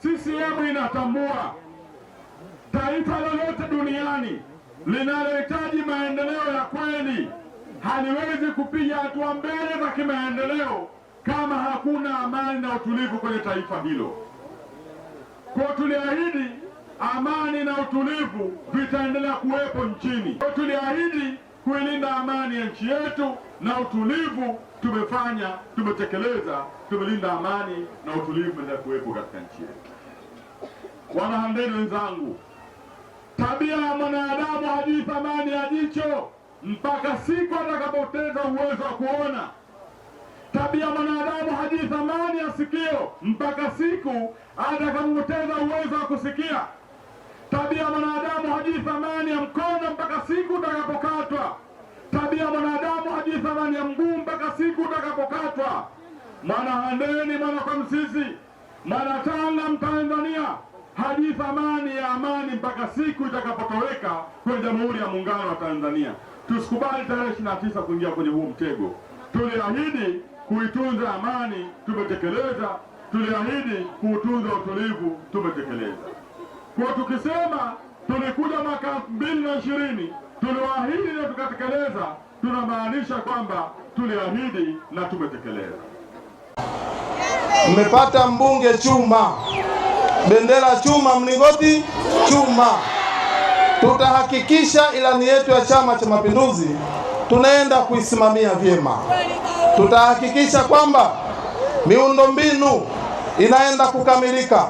CCM inatambua taifa lolote duniani linalohitaji maendeleo ya kweli haliwezi kupiga hatua mbele za kimaendeleo kama hakuna amani na utulivu kwenye taifa hilo. Kwa tuliahidi amani na utulivu vitaendelea kuwepo nchini. Kwa tuliahidi kuilinda amani ya nchi yetu na utulivu. Tumefanya, tumetekeleza, tumelinda amani na utulivu endelea kuwepo katika nchi yetu. Wanahandeni wenzangu, tabia ya mwanadamu hajui thamani ya jicho mpaka siku atakapoteza uwezo wa kuona. Tabia ya mwanadamu hajui thamani ya sikio mpaka siku atakapoteza uwezo wa kusikia. Tabia ya mwanadamu hajui thamani ya mkono mpaka siku utakapo kukatwa. Tabia ya mwanadamu ajithamani thamani ya mguu mpaka siku utakapokatwa. Mwana Handeni, mwana kwa Msisi, mwana Tanga, Mtanzania haji thamani ya amani mpaka siku itakapotoweka kwenye Jamhuri ya Muungano wa Tanzania. Tusikubali tarehe ishirini na tisa kuingia kwenye huu mtego. Tuliahidi kuitunza amani, tumetekeleza. Tuliahidi kuutunza utulivu, tumetekeleza. Kwa tukisema tulikuja mwaka elfu mbili na ishirini Tuliwaahidi na tukatekeleza, tunamaanisha kwamba tuliahidi na tumetekeleza. Mmepata mbunge chuma, bendera chuma, mlingoti chuma. Tutahakikisha ilani yetu ya Chama cha Mapinduzi tunaenda kuisimamia vyema. Tutahakikisha kwamba miundombinu inaenda kukamilika,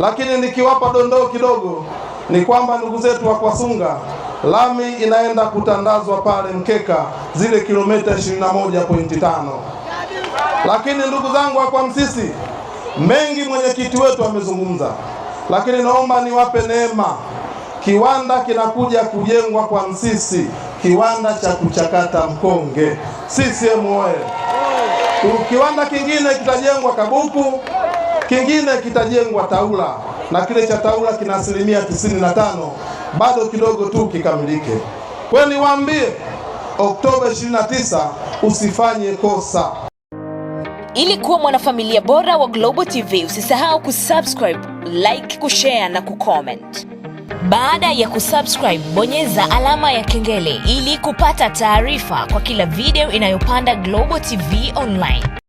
lakini nikiwapa dondoo kidogo ni kwamba ndugu zetu wa Kwasunga lami inaenda kutandazwa pale Mkeka zile kilomita 21.5. Lakini ndugu zangu wa kwa Msisi, mengi mwenyekiti wetu amezungumza, lakini naomba niwape neema. Kiwanda kinakuja kujengwa kwa Msisi, kiwanda cha kuchakata mkonge. CCM oye! Kiwanda kingine kitajengwa Kabuku, kingine kitajengwa Taula, na kile cha Taula kina asilimia 95 bado kidogo tu kikamilike. Kwa niwaambie, Oktoba 29 usifanye kosa. Ili kuwa mwanafamilia bora wa Global TV, usisahau kusubscribe, like, kushare na kucomment. Baada ya kusubscribe, bonyeza alama ya kengele ili kupata taarifa kwa kila video inayopanda Global TV Online.